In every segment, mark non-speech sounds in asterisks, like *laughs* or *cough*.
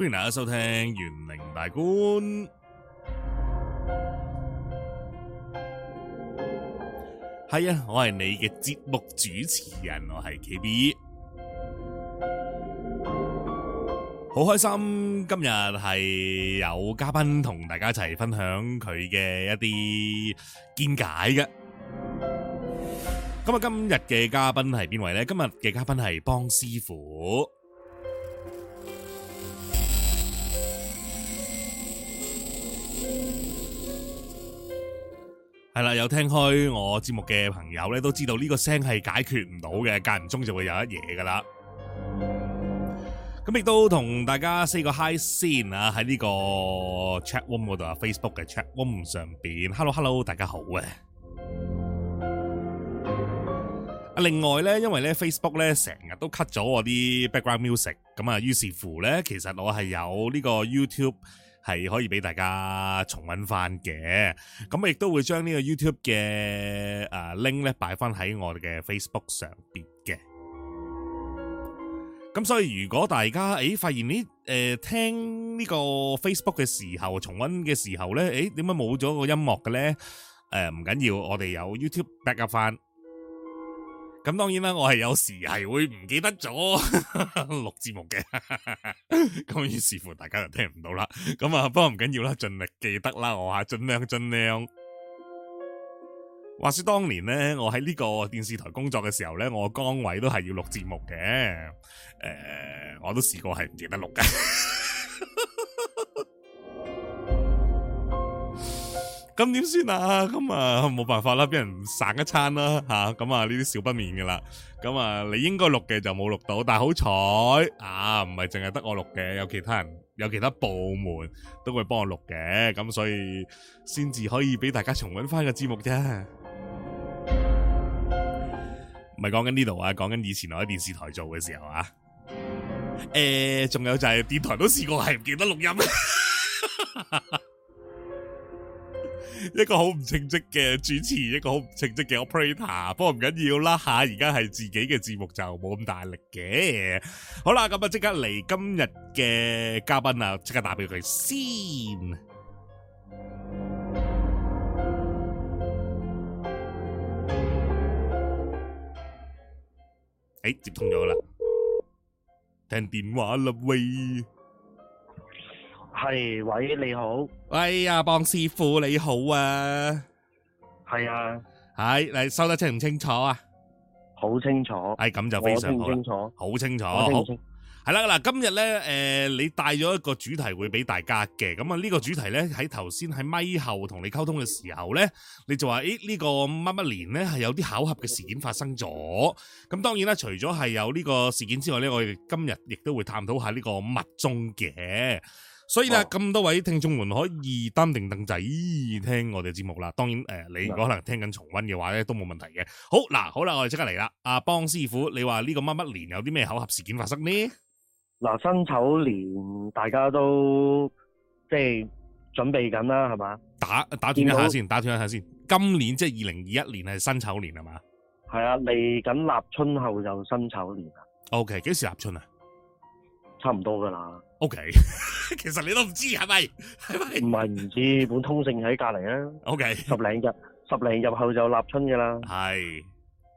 歡迎大家收聽《玄靈大觀》。係啊，我係你嘅節目主持人，我係 KB。好開心今日係有嘉賓同大家一齊分享佢嘅一啲見解嘅。咁啊，今日嘅嘉賓係邊位呢？今日嘅嘉賓係邦師傅。係啦，有聽開我節目嘅朋友咧，都知道呢個聲係解決唔到嘅，間唔中就會有一嘢噶啦。咁亦都同大家 say 個 Hi 先啊，喺呢個 Chat Room 嗰度啊，Facebook 嘅 Chat Room 上邊，Hello Hello，大家好啊！啊，另外咧，因為咧 Facebook 咧成日都 cut 咗我啲 Background Music，咁啊，於是乎咧，其實我係有呢個 YouTube。係可以俾大家重溫翻嘅，咁亦都會將呢個 YouTube 嘅誒 link 咧擺翻喺我哋嘅 Facebook 上邊嘅。咁所以如果大家誒發現呢誒聽呢個 Facebook 嘅時候重溫嘅時候咧，誒點解冇咗個音樂嘅咧？誒唔緊要，我哋有 YouTube back up 翻。咁當然啦，我係有時係會唔記得咗錄節目嘅，咁於是乎大家就聽唔到啦。咁啊，不過唔緊要啦，盡力記得啦，我話盡量盡量。話說當年呢，我喺呢個電視台工作嘅時候呢，我崗位都係要錄節目嘅，誒、呃，我都試過係唔記得錄嘅。呵呵咁點算啊？咁啊，冇辦法啦，俾人省一餐啦吓。咁啊，呢啲少不免噶啦。咁啊，你應該錄嘅就冇錄到，但係好彩啊，唔係淨係得我錄嘅，有其他人，有其他部門都會幫我錄嘅。咁所以先至可以俾大家重溫翻個節目啫。唔係講緊呢度啊，講緊以前我喺電視台做嘅時候啊。誒、欸，仲有就係電台都試過係唔記得錄音。 *laughs* 一個好唔稱職嘅主持，一個好唔稱職嘅 operator，不過唔緊要啦吓，而家係自己嘅節目就冇咁大力嘅。好啦，咁啊，即刻嚟，今日嘅嘉賓啦，即刻打俾佢先。誒，接通咗啦，聽電話啦，喂，係，喂，你好。哎呀，邦師傅你好啊，係啊，係，你收得清唔清楚啊？好清楚，係咁就非常好，清楚，清楚，清楚。好清楚，好清楚，係啦嗱，今日呢，誒、呃，你帶咗一個主題會俾大家嘅，咁啊呢個主題呢，喺頭先喺咪後同你溝通嘅時候呢，你就話誒呢個乜乜年呢，係有啲巧合嘅事件發生咗，咁當然啦，除咗係有呢個事件之外呢，我哋今日亦都會探討下呢個密宗嘅。所以咧，咁、哦、多位聽眾們可以擔定凳仔聽我哋節目啦。當然，誒、呃，你如果可能聽緊重溫嘅話咧，都冇問題嘅。好嗱，好啦，我哋即刻嚟啦。阿、啊、邦師傅，你話呢個乜乜年有啲咩巧合事件發生呢？嗱，辛丑年大家都即係、就是、準備緊啦，係嘛？打打斷一下先，打斷一下先。今年即係二零二一年係辛丑年係嘛？係啊，嚟緊立春後就辛丑年啦。O K，幾時立春啊？差唔多噶啦。OK， *laughs* 其實你都唔知係咪？係咪？唔係唔知，不不本通勝喺隔籬啊。OK，十零日，十零日後就立春噶啦。係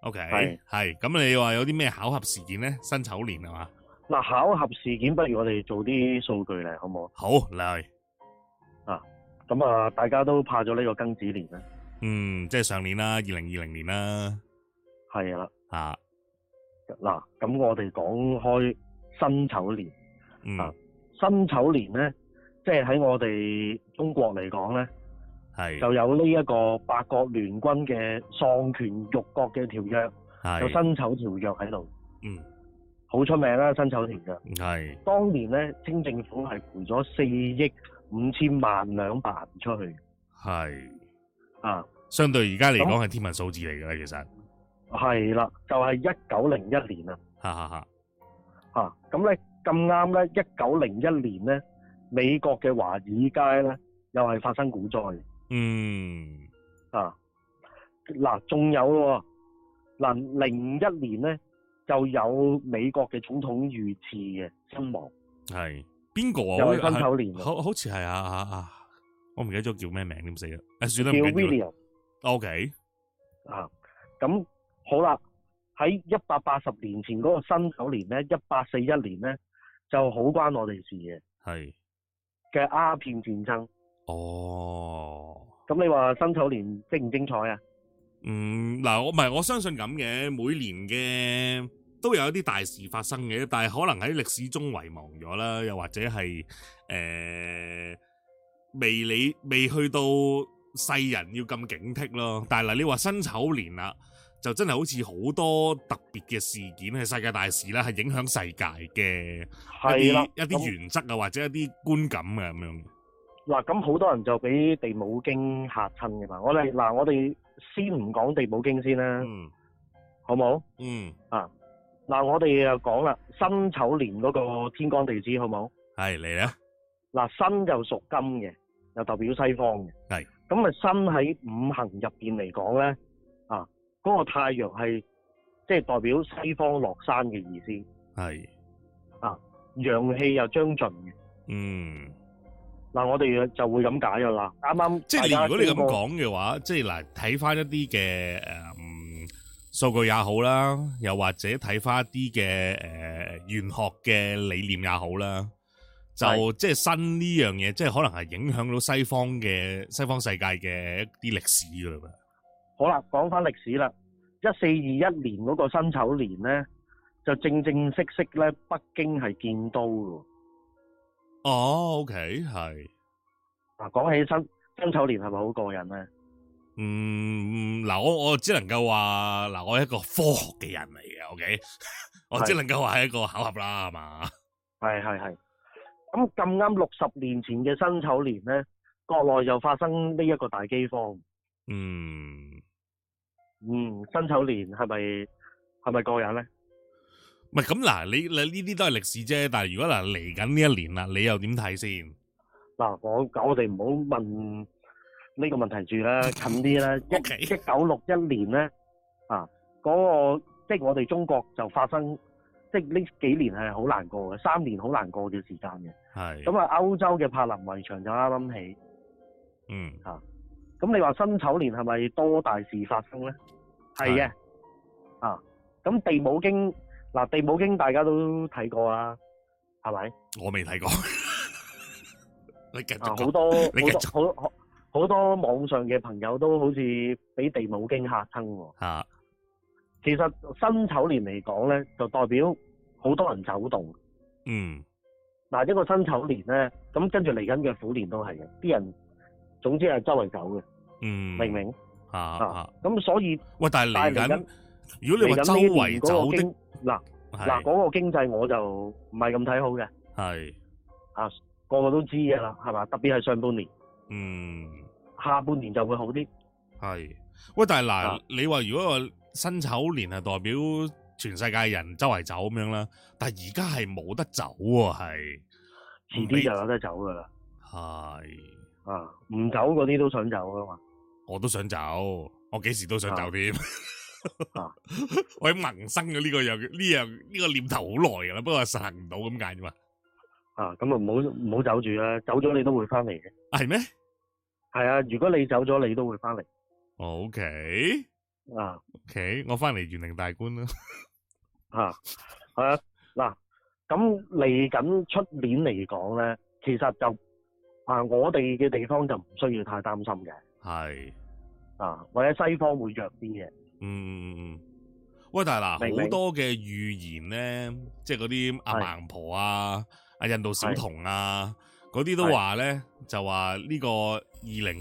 O K，係係咁你話有啲咩考核事件咧？辛丑年係嘛？嗱，考核事件不如我哋做啲數據嚟好唔好？好，嚟啊！咁啊，大家都怕咗呢個庚子年啦。嗯，即係上年啦，二零二零年啦。係啦、啊，啊嗱，咁我哋講開辛丑年、嗯、啊。辛丑年咧，即係喺我哋中國嚟講咧，係就有呢一個八國聯軍嘅喪權辱國嘅條約，有辛丑條約喺度，嗯，好出名啦，辛丑條約，係當年咧，清政府係賠咗四億五千萬兩白銀出去，係啊，相對而家嚟講係天文數字嚟噶啦，其實係啦，就係一九零一年啦，哈哈哈，吓咁呢。咁啱咧，一九零一年咧，美國嘅華爾街咧又係發生股災，嗯啊，嗱，仲有咯，嗱零一年咧就有美國嘅總統遇刺嘅身亡。係邊個啊？又係新九年。好好似係啊啊啊，我唔記得咗叫咩名點死啦。唔記得叫 v i d e o O.K. 啊，咁、okay 啊、好啦，喺一百八十年前嗰個新九年咧，一八四一年咧。就好關我哋事嘅，係嘅鴉片戰爭。哦，咁你話辛丑年精唔精彩啊？嗯，嗱，我唔係，我相信咁嘅，每年嘅都有一啲大事發生嘅，但係可能喺歷史中遺忘咗啦，又或者係誒、呃、未你未去到世人要咁警惕咯。但係嗱，你話辛丑年啦。就真係好似好多特別嘅事件，係世界大事啦，係影響世界嘅係一啲原則啊、嗯，或者一啲觀感啊咁樣。嗱、嗯，咁好多人就俾地母經嚇親嘅嘛。我哋嗱，我哋先唔講地母經先啦、嗯，好冇？嗯啊，嗱，我哋又講啦，辛丑年嗰個天干地支，好冇？係嚟啦。嗱，辛就屬金嘅，又代表西方嘅。係。咁啊，辛喺五行入邊嚟講咧。嗰個太陽係即係代表西方落山嘅意思，係啊，陽氣又將盡。嗯，嗱我哋就會咁解噶啦。啱啱即係如果你咁講嘅話，即係嗱睇翻一啲嘅誒數據也好啦，又或者睇翻一啲嘅誒玄學嘅理念也好啦，就即係新呢樣嘢，即係可能係影響到西方嘅西方世界嘅一啲歷史噶啦。好啦，講翻歷史啦。一四二一年嗰個辛丑年咧，就正正式式咧，北京係建都嘅。哦，啊，OK，係。嗱，講起辛辛丑年係咪好過癮咧？嗯，嗱，我我只能夠話，嗱，我係一個科學嘅人嚟嘅，OK，我只能夠話係一個巧合啦，係嘛？係係係。咁咁啱六十年前嘅辛丑年咧，國內又發生呢一個大飢荒。嗯。嗯，辛丑年係咪係咪過癮咧？唔係咁嗱，你你呢啲都係歷史啫。但係如果嗱嚟緊呢一年啦，你又點睇先？嗱，我咁我哋唔好問呢個問題住啦，近啲啦。 *laughs* okay. 一九六一年咧，啊，嗰、嗰個即係我哋中國就發生，即係呢幾年係好難過嘅，三年好難過段時間嘅。係咁啊，歐洲嘅柏林圍牆就啱啱起。嗯，吓、啊，咁你話辛丑年係咪多大事發生咧？係嘅，啊，咁、啊《地母經》嗱，《地母經》大家都睇過啊，係咪？我未睇過， *laughs* 你繼續，啊，好多好多好多好多網上嘅朋友都好似俾《地母經》吓親。啊，其實辛丑年嚟講咧，就代表好多人走動。嗯。嗱、啊，一個辛丑年咧，咁跟住嚟緊嘅虎年都係嘅，啲人總之係周圍走嘅。嗯。明唔明？啊，咁、啊啊、所以喂，但係嚟緊，如果你話周圍走啲嗱嗱嗰個經濟，嗰個、經濟我就唔係咁睇好嘅。係啊，個個都知噶啦，係嘛？特別係上半年，嗯，下半年就會好啲。係喂，但係嗱，你話如果辛丑年係代表全世界人周圍走咁樣啦，但係而家係冇得走喎，係遲啲就有得走噶啦。係啊，唔走嗰啲都想走噶嘛。.我都想走，我幾時都想走添。啊啊、 *laughs* 我喺萌生咗、這、呢個樣，呢樣呢個念頭好耐噶啦，不過實行唔到咁解咋嘛。啊，咁啊，唔好唔好走住啦，走咗你都會翻嚟嘅。係咩？係啊，如果你走咗，你都會翻嚟。O、okay? K 啊，O、okay? K，我翻嚟玄靈大觀啦 *laughs* 、啊。啊，誒，嗱，咁嚟緊出年嚟講咧，其實就。啊！我哋嘅地方就唔需要太擔心嘅。係啊，或者西方會弱邊嘅？嗯嗯嗯。喂，大嗱，好多嘅預言咧，即係嗰啲阿盲婆啊、阿、啊、印度小童啊，嗰啲都話咧，就話呢個二零二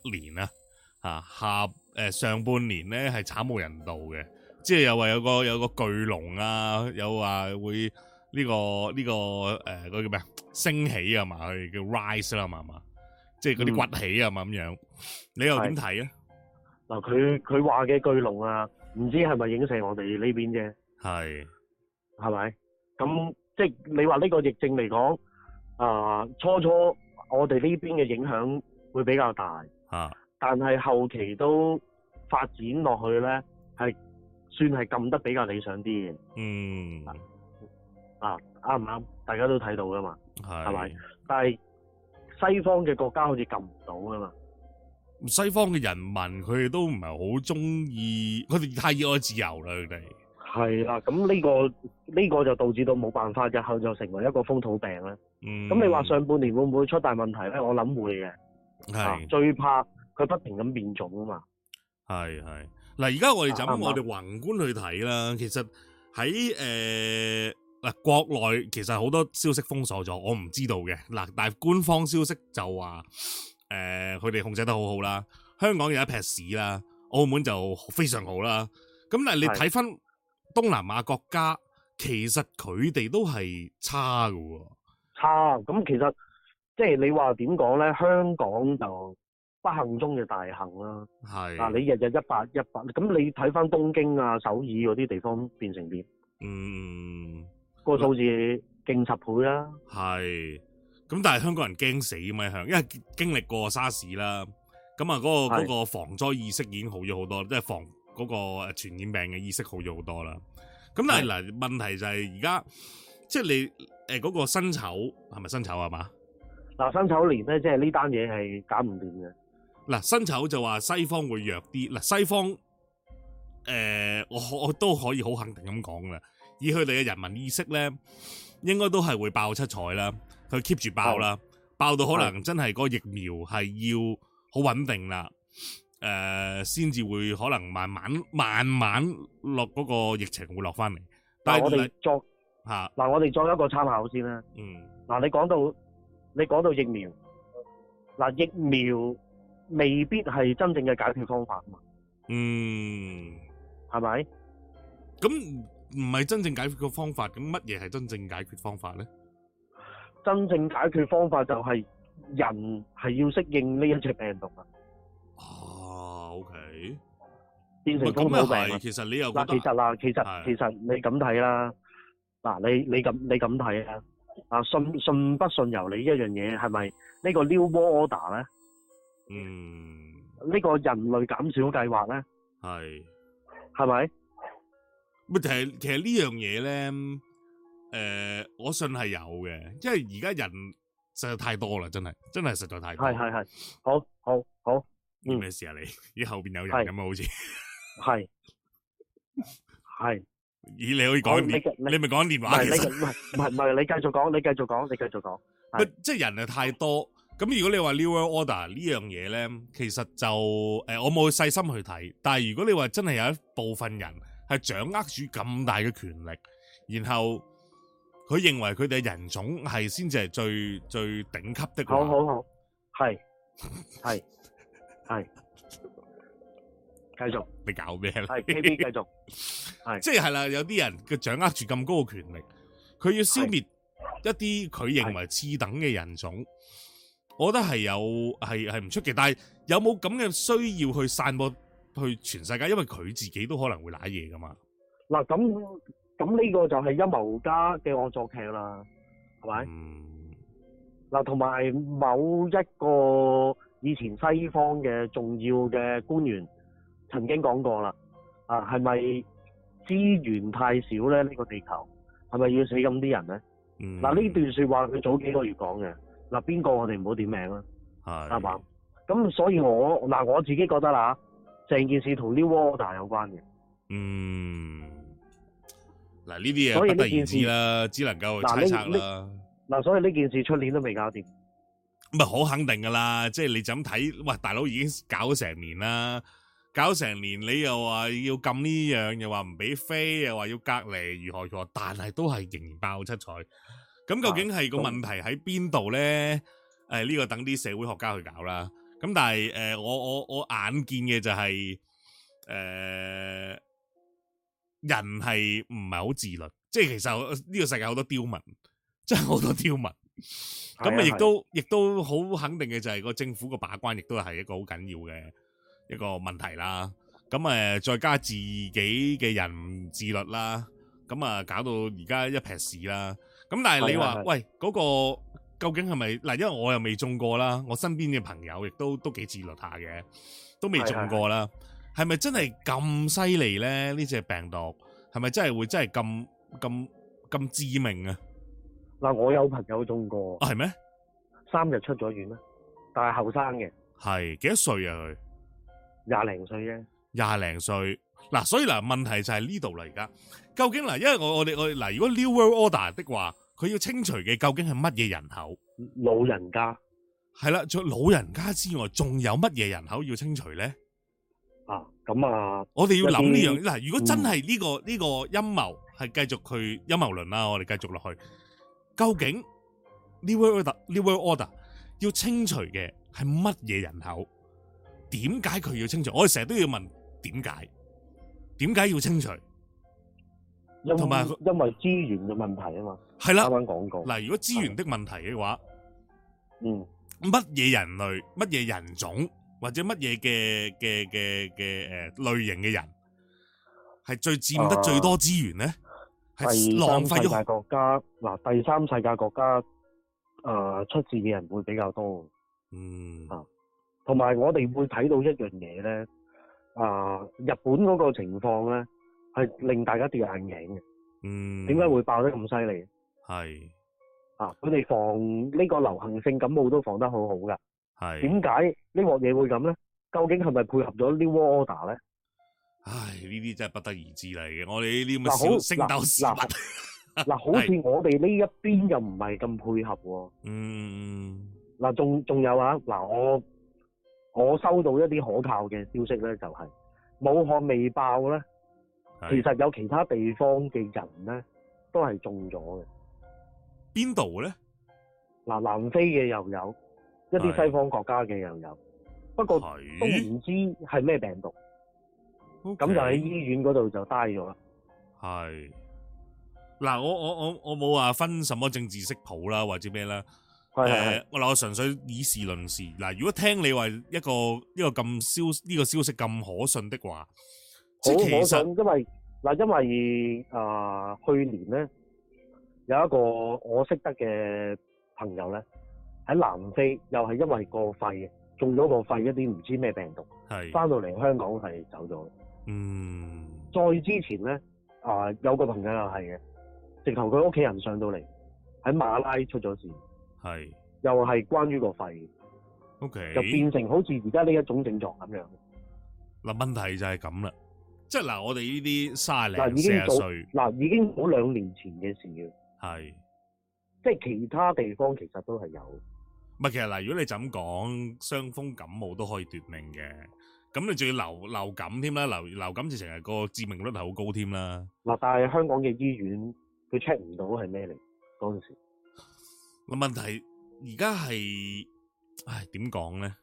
一年啊，啊下誒上半年咧係慘無人道嘅，即係又話有個有個巨龍啊，有話會。呢、這個呢、這個誒，呃、叫咩啊？升起啊嘛，佢叫 rise 啦嘛，係嘛，即係嗰啲崛起啊嘛咁樣。你又點睇咧？嗱，佢佢話嘅巨龍啊，唔知係咪影射我哋呢邊啫？係係咪？咁即係你話呢個疫症嚟講，啊、呃、初初我哋呢邊嘅影響會比較大，啊，但係後期都發展落去咧，係算係撳得比較理想啲嘅。嗯。啊，啱唔啱？大家都睇到噶嘛，係咪？但係西方嘅國家好似撳唔到噶嘛。西方嘅人民佢哋都唔係好中意，佢哋太熱愛自由啦，佢哋。係啦、啊，咁呢、呢個呢、呢個就導致到冇辦法嘅，後就成為一個風土病啦。嗯，咁你話上半年會唔會出大問題咧？我諗會嘅。係、啊，最怕佢不停咁變種啊嘛。係係，嗱而家我哋就咁，我哋宏觀去睇啦。其實喺嗱，國內其實好多消息封鎖咗，我唔知道嘅嗱。但係官方消息就話，誒、呃，佢哋控制得好好啦。香港有一撇屎啦，澳門就非常好啦。咁但係，你睇翻東南亞國家，其實佢哋都係差㗎喎，差咁其實即係你話點講咧？香港就不幸中嘅大幸啦。係嗱，你日日一百一百，咁你睇翻東京啊、首爾嗰啲地方變成點？嗯。個數字勁十倍啦、啊，係咁，但係香港人驚死咁啊！香因為經歷過沙士啦，咁啊嗰個個防災意識已經好咗好多，即係防嗰個誒傳染病嘅意識好咗好多啦。咁但係嗱，問題就係而家即係你誒嗰、嗰個辛丑係咪辛丑啊嘛？嗱，辛丑年咧，即係呢單嘢係搞唔掂嘅。嗱，辛丑就話西方會弱啲，嗱西方誒、呃，我我都可以好肯定咁講啦。以佢哋嘅人民意識咧，應該都係會爆七彩啦，佢 keep 住爆啦、嗯，爆到可能真係個疫苗係要好穩定啦，誒、呃，先至會可能慢慢慢慢落嗰個疫情會落翻嚟。但係我哋作嚇嗱，啊、我哋作一個參考先啦。嗯，嗱，你講到你講到疫苗，嗱疫苗未必係真正嘅解決方法啊嘛。嗯，係咪？咁。唔係真，真正解決嘅方法，咁乜嘢係真正解決方法咧？真正解決方法就係人係要適應呢一隻病毒啊！哦，OK，變成風土病，啊、其，其，其，其實你又其實啦，其實其實你咁睇啦，嗱，你你咁你咁睇啦，啊，信信不信由你，一樣嘢係咪？呢個 New、World、Order 咧，嗯，呢、這個人類減少計劃咧，係係咪？咪就係其實這件事呢樣嘢咧，誒、呃，我信係有嘅，因為而家人實在太多啦，真係真係實在太多了。係係係，好好好。咩事啊？你咦後邊有人咁啊？好似係係。咦？你可以講，你你咪講電話。唔係唔係唔係，你繼續講，你繼續講，你繼續講，咪即係人係太多。咁如果你話 new order 呢樣嘢咧，其實就誒、呃、我冇細心去睇。但係如果你話真係有一部分人。係掌握住咁大嘅權力，然後佢認為佢哋嘅人種係先至係最最頂級的。好好好，係係係，繼 *laughs* 續。你搞咩咧？係 K B 繼續，係即係啦。有啲人嘅掌握住咁高嘅權力，佢要消滅一啲佢認為次等嘅人種，係我覺得係有係係唔出奇。但係有冇咁嘅需要去散播？去全世界，因為佢自己都可能會揦嘢噶嘛。嗱，咁咁呢個就係陰謀家嘅惡作劇啦，係咪？嗱、嗯，同埋某一個以前西方嘅重要嘅官員曾經講過啦，啊，係咪資源太少咧？呢個地球係咪要死咁啲人咧？嗱、嗯，呢段說話佢早幾個月講嘅。嗱，邊個我哋唔好點名啦，係嘛？咁所以我嗱，我自己覺得啦。成件事同啲 order 有關嘅，嗯，嗱呢啲嘢，所以不得而知啦，只能夠猜測啦。嗱，所以呢件事出年都未搞掂，唔係好肯定噶啦。即係你就咁睇，哇，大佬已經搞咗成年啦，搞成年，你又話要禁呢樣，又話唔俾飛，又話要隔離，如何如何，但係都係仍然爆七彩。咁究竟係個問題喺邊度咧？誒，呢個等啲社會學家去搞啦。咁、嗯、但係誒、呃，我我我眼見嘅就係、是、誒、呃，人係唔係好自律，即係其實呢個世界好多刁民，真係好多刁民。咁啊，亦、嗯啊、都亦、啊、都好肯定嘅就係個政府個把關，亦都係一個好緊要嘅一個問題啦。咁、嗯、誒、呃，再加自己嘅人自律啦，咁、嗯、啊搞到而家一撇屎啦。咁、嗯、但係你話、啊啊、喂嗰、那個。究竟係咪嗱？因為我又未中過啦，我身邊嘅朋友亦都都幾自律下嘅，都未中過啦。係咪真係咁犀利咧？呢隻病毒係咪真係會真係咁咁咁致命啊？嗱，我有朋友中過啊，係咩？三日出咗院啊，但係後生嘅，係幾多歲啊？佢廿零歲啫，廿零歲嗱。所以嗱，問題就係呢度啦。而家究竟嗱，因為我我哋我嗱，如果 New World Order 的話。佢要清除嘅究竟係乜嘢人口？老人家係啦，除咗老人家之外，仲有乜嘢人口要清除咧？啊，咁啊，我哋要諗呢樣嗱。如果真係呢個呢個陰謀係繼續去陰謀論啦，我哋繼續落去。究竟 new order new order 要清除嘅係乜嘢人口？點解佢要清除？我哋成日都要問點解？點解要清除？同埋因為資源嘅問題啊嘛，係啦，啱啱講過嗱，如果資源的問題嘅話，嗯，乜嘢人類，乜嘢人種，或者乜嘢嘅嘅嘅嘅誒類型嘅人，係最佔得最多資源咧，係、啊、浪費咗。第三世界國家嗱、啊，第三世界國家誒、啊，出事嘅人會比較多，嗯啊，同埋我哋會睇到一樣嘢咧，啊，日本嗰個情況咧。係令大家掉眼鏡嘅，嗯，點解會爆得咁犀利？係啊，佢哋防呢個流行性感冒都防得好好噶。係點解呢鑊嘢會咁咧？究竟係咪配合咗 New World Order 咧？唉，呢啲真係不得而知嚟嘅。我哋呢啲少星斗事物嗱、啊，好似、啊啊 *laughs* 啊、我哋呢一邊又唔係咁配合喎。嗯，嗱、啊，仲仲有啊，嗱、啊，我我收到一啲可靠嘅消息咧、就是，就係武漢未爆咧。其實有其他地方嘅人咧，都係中咗嘅。邊度咧？嗱，南非嘅又有，一啲西方國家嘅又有，不過是都唔知係咩病毒。咁、okay，就喺醫院嗰度就呆咗啦。係。嗱，我我我我冇話分什麼政治色譜啦，或者咩啦。係係係。誒、呃，我嗱，我純粹以事論事。嗱，如果聽你話一個呢個咁消呢個消息咁可信的話。好，我想，因為嗱，因為啊、呃，去年咧有一個我識得嘅朋友咧喺南非，又係因為個肺中咗個肺一啲唔知咩病毒，係翻到嚟香港係走咗。嗯，再之前咧啊、呃，有個朋友又係嘅，直頭佢屋企人上到嚟喺馬拉雅出咗事，係又係關於個肺。OK，就變成好似而家呢一種症狀咁樣。嗱，問題就係咁啦。即係嗱，我哋呢啲卅零四啊歲，嗱已經好兩年前嘅事啦。係，即係其他地方其實都係有。唔係，其實嗱，如果你就咁講，傷風感冒都可以奪命嘅。咁你仲要流流感添啦，流流感就成日個致命率係好高添啦。嗱，但係香港嘅醫院佢 check 唔到係咩嚟嗰陣時。嗱，問題而家係，唉，點講咧？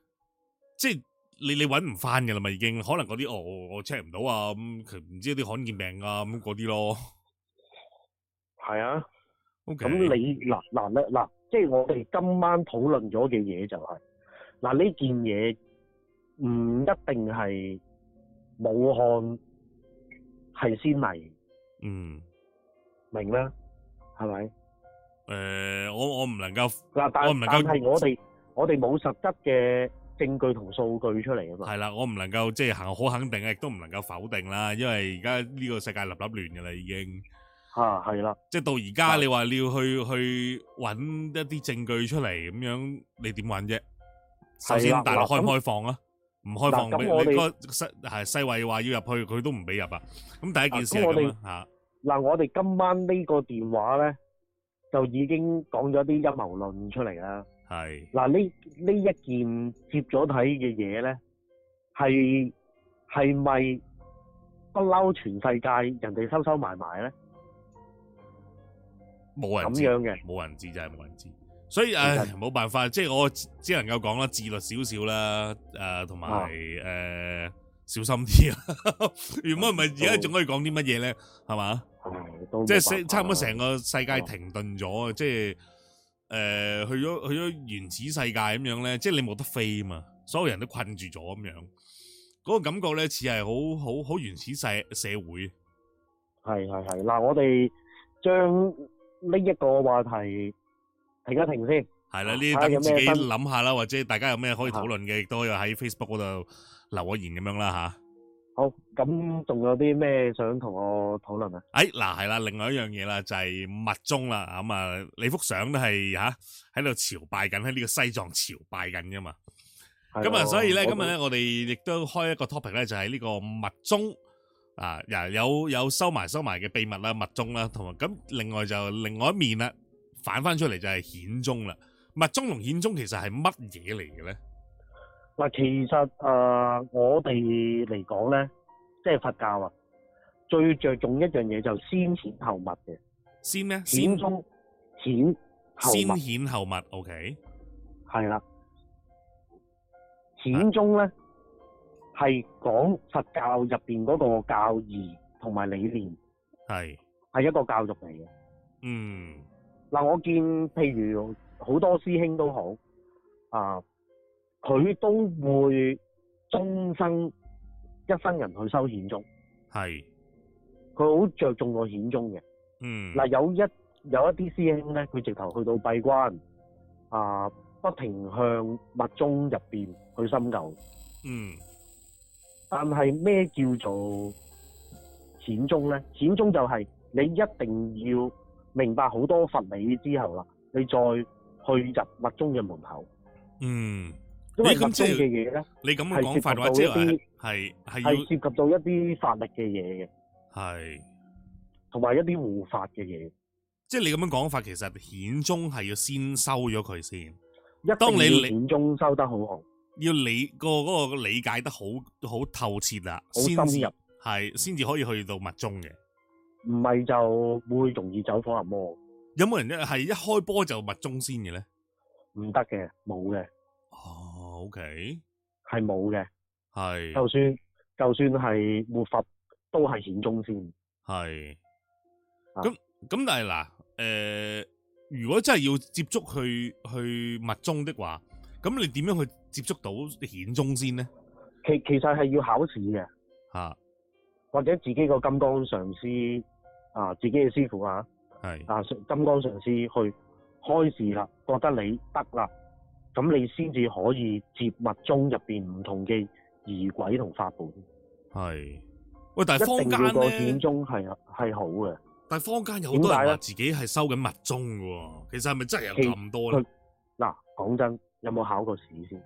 即係。你你揾唔翻嘅啦嘛，已經可能嗰啲、哦、我我 check 唔到啊，咁佢唔知啲罕見病啊咁嗰啲咯，係啊。咁、okay、你嗱嗱咧嗱，即、啊、係、啊啊就係、我哋今晚討論咗嘅嘢就係嗱呢件嘢唔一定係武漢係先嚟，嗯，明啦，係咪？誒、呃，我我唔能夠嗱、啊，但我唔能夠但係我哋我哋冇實質嘅。證據同數據出嚟啊嘛，係啦，我唔能夠即係行好肯定啊，亦都唔能夠否定啦，因為而家呢個世界立立亂噶啦已經，啊係啦，即係到而家，啊，你話你要去去揾一啲證據出嚟咁樣，你點揾啫？首先大陸開唔開放啊？唔，啊，開放，啊，你哥係世衛話要入去，佢都唔俾入啊。咁第一件事咁樣吓。嗱，啊啊啊，我哋今晚呢個電話咧就已經講咗啲陰謀論出嚟啦。係嗱，呢呢一件接咗睇嘅嘢咧，係係咪不嬲？全世界人哋收收埋埋咧，冇人咁樣嘅，冇人知就係冇人知，真係冇人知。所以誒，冇、呃、辦法，即係我只能夠講啦，自律少少啦，誒、呃，同埋誒，小心啲 *laughs* 原本唔係而家仲可以講啲乜嘢咧，係嘛？即係差唔多成個世界停頓咗、啊，即係。誒、呃，去咗去咗原始世界咁樣咧，即係你冇得飛嘛，所有人都困住咗咁樣，嗰、那個感覺咧似係好好好原始社社會。係係係，嗱，我哋將呢一個話題停一停先。係啦，呢啲等自己諗下啦，或者大家有咩可以討論嘅，亦都可以喺 Facebook 嗰度留個言咁樣啦吓。啊好，咁仲有啲咩想同我討論啊？誒，嗱係啦，另外一樣嘢啦，就係密宗啦。咁啊，你幅相都係吓喺度朝拜緊，喺呢個西藏朝拜緊噶嘛。咁啊，所以咧，今日咧，我哋亦都開一個 topic 咧，就係呢個密宗啊，有有收埋收埋嘅秘密啦，密宗啦，同埋咁另外就另外一面啦，反翻出嚟就係顯宗啦。密宗同顯宗其實係乜嘢嚟嘅咧？嗱，其實誒、呃，我哋嚟講咧，即係佛教啊，最着重的一樣嘢就是先顯後密嘅。先咩？先宗顯後密。先顯後密，OK？係啦，顯、啊、宗咧係講佛教入邊嗰個教義同埋理念，係係一個教育嚟嘅。嗯，嗱、呃，我見譬如好多師兄都好啊。呃佢都會終生一生人去修顯宗，係，佢好着重個顯宗嘅。嗯，嗱，有一有一啲師兄咧，佢直頭去到閉關啊，不停向密宗入邊去深究。嗯，但係咩叫做顯宗咧？顯宗就係你一定要明白好多佛理之後啦，你再去入密宗嘅門口。嗯。咁嘅嘢咧，係涉及到一啲係係要係涉及到一啲法律嘅嘢嘅，係同埋一啲護法嘅嘢。即係你咁樣講法，其實顯宗係要先收咗佢先一。當你顯宗收得好好，要理、嗰個、嗰個理解得好好透徹啦，好深入，係先至可以去到密宗嘅。唔係就會容易走火入魔。有冇人係一開波就密宗先嘅咧？唔得嘅，冇嘅。O K，係冇嘅，係就算就算係活佛都係顯宗先，係咁咁，但係嗱，誒、呃，如果真係要接觸去去密宗的話，咁你點樣去接觸到顯宗先呢？其其實係要考試嘅吓，或者自己個金剛上師，啊，自己嘅師傅啊，係啊，金剛上師去開示啦，覺得你得啦。咁你先至可以接密宗入邊唔同嘅儀軌同法本，係喂，但係坊間咧一定要個顯宗係係好嘅，但係坊間有好多人話自己係收緊密宗喎。其實係咪真係有咁多咧？嗱，講真，有冇考過試先？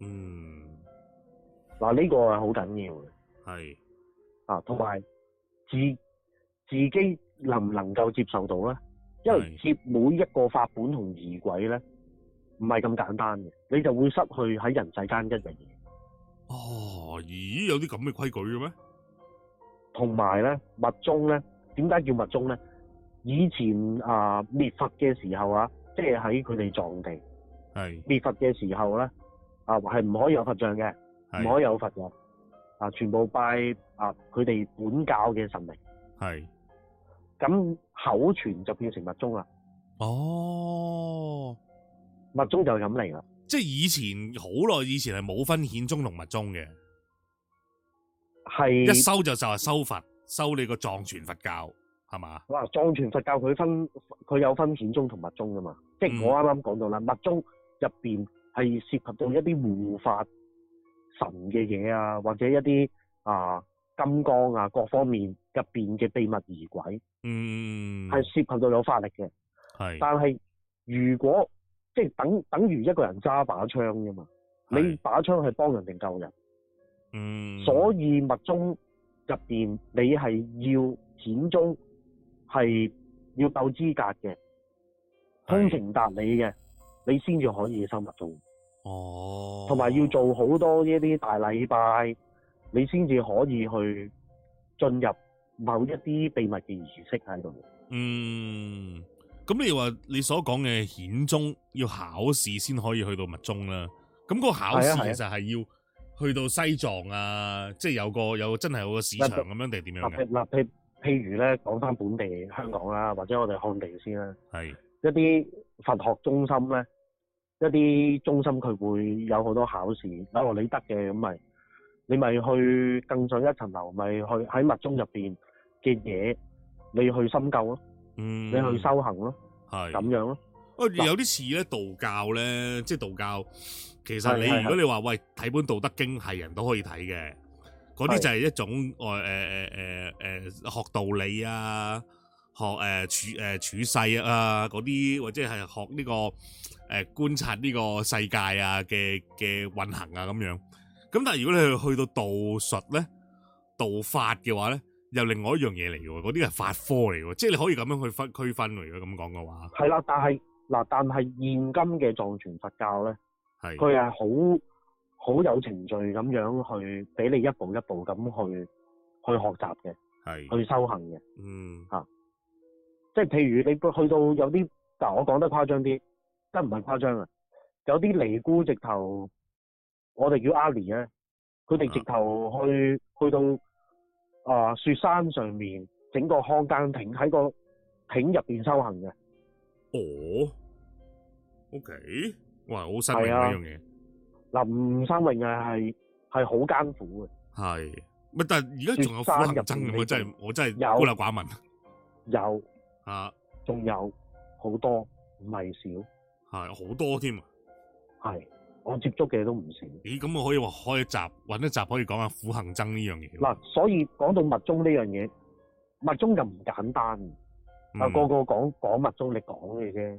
嗯、嗱、這、呢個係好緊要嘅，係啊，同埋自自己能唔能夠接受到咧？因為接每一個法本同儀軌咧，唔係咁簡單嘅，你就會失去喺人世間一樣嘢。哦，咦，有啲咁嘅規矩嘅咩？同埋咧，密宗咧，點解叫密宗咧？以前啊，滅、呃、佛嘅時候啊，即係喺佢哋藏地。係滅佛嘅時候咧，啊、呃，係唔可以有佛像嘅，唔可以有佛像，啊、呃，全部拜啊，佢、呃、哋本教嘅神明。係咁口傳就變成密宗啦。哦。密宗就咁嚟啦，即係以前好耐以前係冇分顯宗同密宗嘅，係一收就就係收佛，收你個藏傳佛教係嘛？哇！藏傳佛教佢分佢有分顯宗同密宗噶嘛？嗯、即係我啱啱講到啦，密宗入邊係涉及到一啲護法神嘅嘢啊，或者一啲啊、呃、金剛啊各方面入邊嘅秘密儀軌，嗯，係涉及到有法力嘅，係。但係如果即係等等於一個人揸把槍㗎嘛，你把槍係幫人哋救人的、嗯，所以密宗入邊你係要顯宗，係要夠資格嘅通情達理嘅，你先至可以收密宗。哦，同埋要做好多呢啲大禮拜，你先至可以去進入某一啲秘密嘅儀式喺度。嗯。咁你話你所講嘅顯宗要考試先可以去到密宗啦，咁個考試其實係要去到西藏啊？啊啊即係有個有真係有個市場咁、啊、樣定係點樣嘅？嗱，譬譬如咧，講翻本地香港啦，或者我哋漢地先啦，係一啲佛學中心咧，一啲中心佢會有好多考試，如你得嘅咁咪，你咪、就是、去更上一層樓，咪去喺密宗入邊嘅嘢你要去深究咯。嗯，你去修行咯，係咁樣咯。有啲似咧道教咧，即係道教，其實你如果你話，喂，睇本《道德經》係人都可以睇嘅，嗰啲就係一種誒誒誒誒誒學道理啊，學誒處誒處世啊嗰啲，或者係學呢個誒觀察呢個世界啊嘅嘅運行啊咁樣。咁但係如果你去去到道術咧、道法嘅話咧。又另外一樣嘢嚟嘅喎，嗰啲係法科嚟嘅喎，即係你可以咁樣去分區分嚟嘅咁講嘅話。係啦，但係嗱，但係現今嘅藏傳佛教咧，係佢係好好有程序咁樣去俾你一步一步咁去去學習嘅，係去修行嘅，嗯嚇，即、啊、係譬如你去到有啲嗱，我講得誇張啲，真唔係誇張啊，有啲尼姑直頭，我哋叫阿尼啊，佢哋直頭去去到。啊！雪山上面整個康間亭喺個亭入邊修行嘅哦，OK，哇！好新穎呢樣嘢，林生榮係係好艱苦嘅，係咪？但係而家仲有苦行僧嘅，真係我真係孤陋寡聞，有啊，仲有好多唔係少，係好多添啊，係。我接觸嘅都唔少。咦？咁我可以話開一集，揾一集可以講下苦行僧呢樣嘢。嗱，所以講到密宗呢樣嘢，密宗就唔簡單的。啊、嗯，個個講講密宗，你講嘅啫。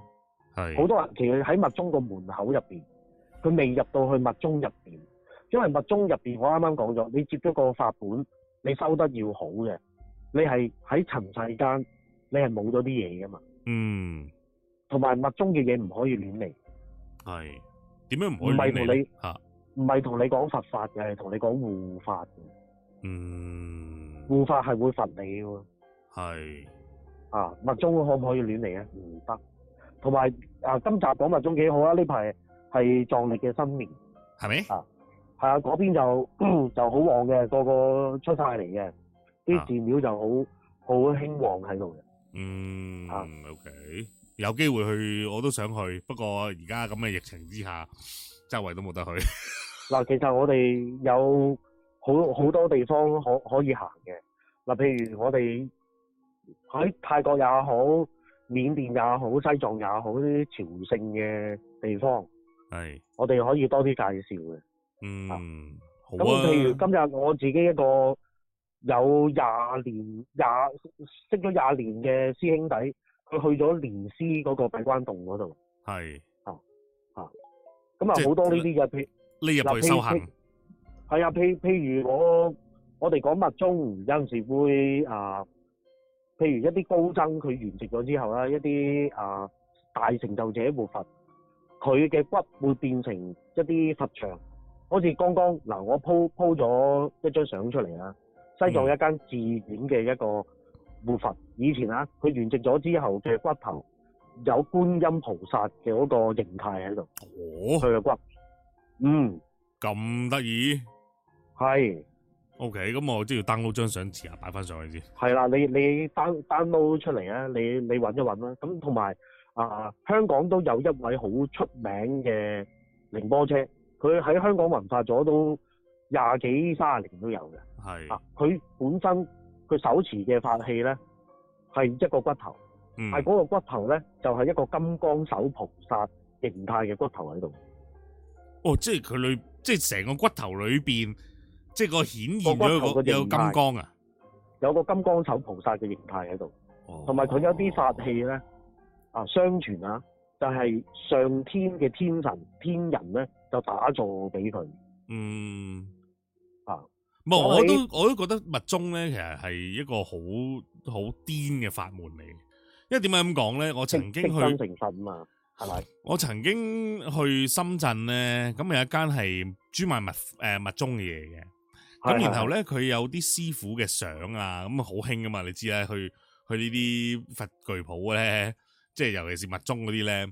係。好多人其實喺密宗個門口入邊，佢未入到去密宗入邊，因為密宗入邊，我啱啱講咗，你接觸個法本，你收得要好嘅，你係喺塵世間，你係冇咗啲嘢噶嘛。嗯。同埋密宗嘅嘢唔可以亂嚟。係。點樣唔可以亂嚟？吓，唔係同你講佛法嘅，係同你講護法嘅。嗯，護法係會罰你嘅。係啊，密宗可唔可以亂嚟啊？唔得。同埋啊，今集講密宗幾好啊！呢排係藏曆嘅新年，係咪？啊，係啊，嗰邊就就好旺嘅，個個出晒嚟嘅，啲寺廟就好好興旺喺度嘅。嗯，啊，OK。有機會去，我都想去。不過而家咁嘅疫情之下，周圍都冇得去。嗱，其實我哋有好好多地方可可以行嘅。嗱，譬如我哋喺泰國也好，緬甸也好，西藏也好，啲朝聖嘅地方，係我哋可以多啲介紹嘅。嗯，好啊。咁譬如今日我自己一個有廿年廿識咗廿年嘅師兄弟。佢去咗蓮師嗰個閉關洞嗰度，係咁啊好、啊啊就是、多呢啲嘅，呢啲入去修行，係啊，譬譬，譬，譬，譬，譬，譬如我我哋講密宗，有陣時會啊，譬如一啲高僧佢完成咗之後一啲啊大成就者活佛，佢嘅骨會變成一啲佛像像剛剛，好似剛剛嗱我鋪鋪咗一張相出嚟啦，西藏一間寺院嘅一個。嗯部分以前啊，佢圓寂咗之後嘅骨頭有觀音菩薩嘅嗰個形態喺度，哦，佢嘅骨，嗯，咁得意。係，OK，咁我即係要 download 張相遲下，擺翻上去先。係啦，你你 download download 出嚟啊，你你揾一揾啦。咁同埋啊，香港都有一位好出名嘅寧波車，佢喺香港文化咗都廿幾卅年都有嘅，係啊，佢本身。佢手持嘅法器咧，係一個骨頭，係、嗯、嗰個骨頭咧就係、是、一個金剛手菩薩形態嘅骨頭喺度。哦，即係佢裏，即係成個骨頭裏邊，即係個顯現咗一個有金剛啊，有個金剛手菩薩嘅形態喺度。哦，同埋佢有啲法器咧，啊，相傳啊，就係、是、上天嘅天神天人咧就打造俾佢。嗯。唔，我都我都覺得密宗咧，其實係一個好好癲嘅法門嚟。因為點解咁講咧？我曾經去，積德成信嘛，係咪？我曾經去深圳咧，咁有一間係專賣密誒密宗嘅嘢嘅。咁、呃、然後咧，佢有啲師傅嘅相啊，咁啊好興㗎嘛。你知啦，去去呢啲佛具舖，咧，即係尤其是密宗嗰啲咧，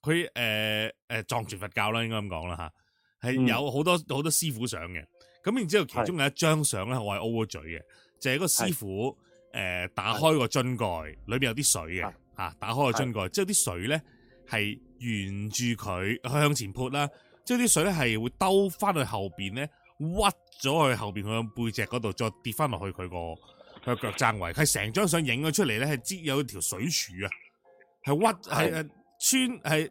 佢誒誒藏傳佛教啦，應該咁講啦吓，係有好多好、嗯、多師傅相嘅。咁然之後，其中有一張相咧，我係 O 咗嘴嘅，就係嗰個師傅誒打開個樽蓋，裏邊有啲水嘅嚇，打開個樽蓋，即係啲水咧係沿住佢向前潑啦，即係啲水咧係會兜翻去後邊咧，屈咗去後邊佢個背脊嗰度，再跌翻落去佢個佢個腳踭位，係成張相影咗出嚟咧，係擠有一條水柱啊，係屈係誒穿係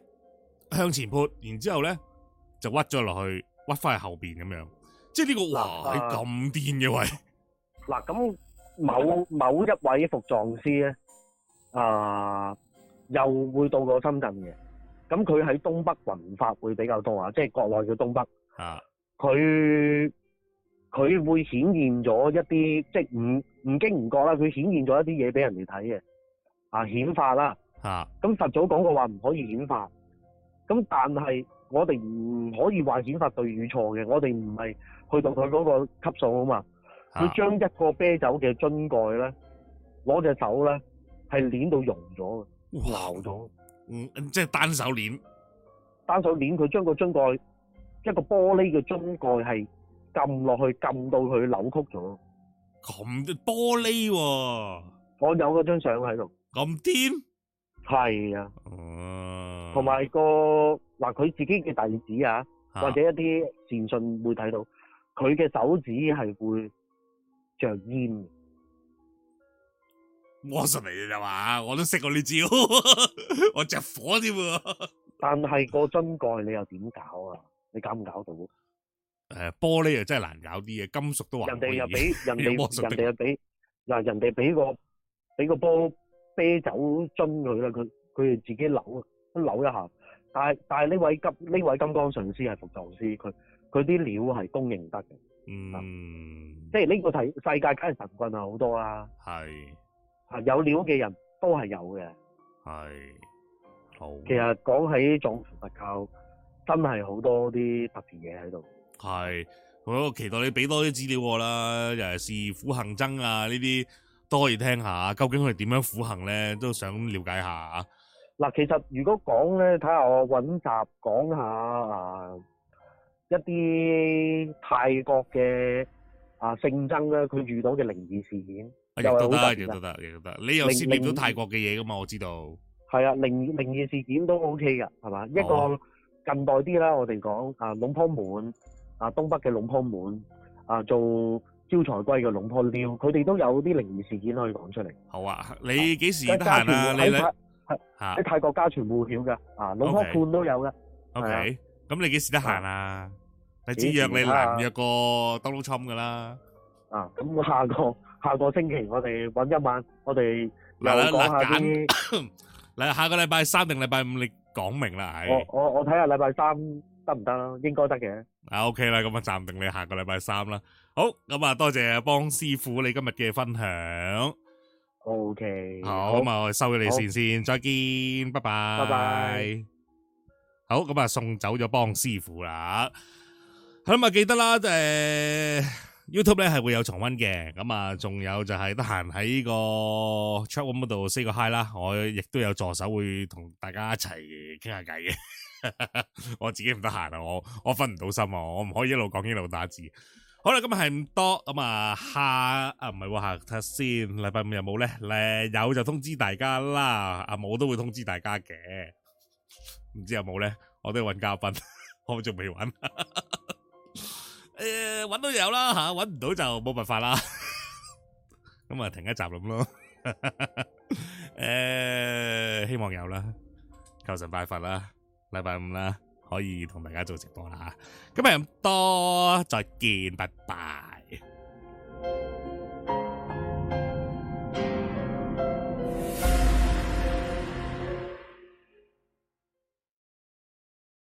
向前潑，然之後咧就屈咗落去，屈去屈，屈翻去，去後邊咁樣。即係、這、呢個哇，咁癲嘅喂！嗱，咁、啊、某某一位伏藏師咧，啊，又會到過深圳嘅。咁佢喺東北弘法會比較多啊，即、就、係、是、國內叫東北。啊，佢佢會顯現咗一啲，即係唔唔經唔覺啦，佢顯現咗一啲嘢俾人哋睇嘅。啊，顯化啦。啊，咁佛祖講過話唔可以顯化，咁但係。我哋唔可以話顯發對與錯嘅，我哋唔係去到佢嗰個級數啊嘛。佢將一個啤酒嘅樽蓋咧，攞隻手咧，係捻到溶咗，流咗。嗯，即係單手捻，單手捻佢將個樽蓋，一個玻璃嘅樽蓋係撳落去，撳到佢扭曲咗。咁啲玻璃喎、啊，我有嗰張相喺度。咁癲？係啊。嗯同埋個嗱佢自己嘅弟子啊，或者一啲善信會睇到佢嘅手指係會着煙，魔術嚟嘅嘛，我都識過呢招， *laughs* 我着火添喎。但係個樽蓋你又點搞啊？你搞唔搞到？誒玻璃又真係難搞啲嘅，金屬都話。人哋又俾人哋人哋又俾嗱人哋俾個俾個波啤酒樽佢啦，佢佢哋自己扭啊。扭一下，但係但係呢位金呢位金剛上師係佛藏師，佢佢啲料係公認得嘅，嗯，即係呢個世界梗係神棍係好多啊，係啊有料嘅人都係有嘅，係好，其實講起藏佛教真係好多啲特別嘢喺度，係我期待你俾多啲資料我啦，尤其是，是苦行僧啊呢啲都可以聽下，究竟佢哋點樣苦行咧，都想了解一下。嗱，其實如果講咧，睇下我揾集講下啊，一啲泰國嘅啊，聖僧啦，佢遇到嘅靈異事件，又得又得得，你又涉獵到泰國嘅嘢噶嘛？我知道。係啊，靈靈異事件都 OK 噶，係嘛、哦？一個近代啲啦，我哋講啊，龍坡門啊，東北嘅龍坡門啊，做招財龜嘅龍坡廟，佢哋都有啲靈異事件可以講出嚟。好啊，你幾時得閒啊，啊？你？喺喺泰國家傳戶曉噶，啊 okay，老湯罐都有噶。O K，咁你幾時得閒啊，啊？你知約你難約過當老襯噶啦。啊，咁我下個下個星期我哋搵一晚我哋又講下， *laughs* 我哋嗱講下嗱下個禮拜三定禮拜五你講明啦，係。我我睇下禮拜三得唔得咯？應該得嘅。啊，O K 啦，咁啊暫定你下個禮拜三啦。好，咁啊多謝邦師傅你今日嘅分享。Okay, 好咁啊，我先收咗你線先。再見，拜拜，拜拜。好咁啊，送走咗邦師傅啦。咁啊，記得啦，即、呃、誒，YouTube 咧係會有重温嘅。咁啊，仲有就係得閒喺個 chat room 度 say 個 hi 啦。我亦都有助手會同大家一齊傾下偈嘅。 *laughs* 我自己唔得閒啊，我我分唔到心啊，我唔可以一路講一路打字。好啦，今日係唔多咁啊，下啊唔係喎，睇下先。禮拜五有冇咧？咧有就通知大家啦，冇都會通知大家嘅。唔知有冇咧？我都要揾嘉賓，我仲未揾。誒，揾到就有啦吓，揾唔到就冇辦法啦。咁啊，停一集咁咯。誒，希望有啦，求神拜佛啦，禮拜五啦。可以同大家做直播啦吓，今日咁多，再見，拜拜。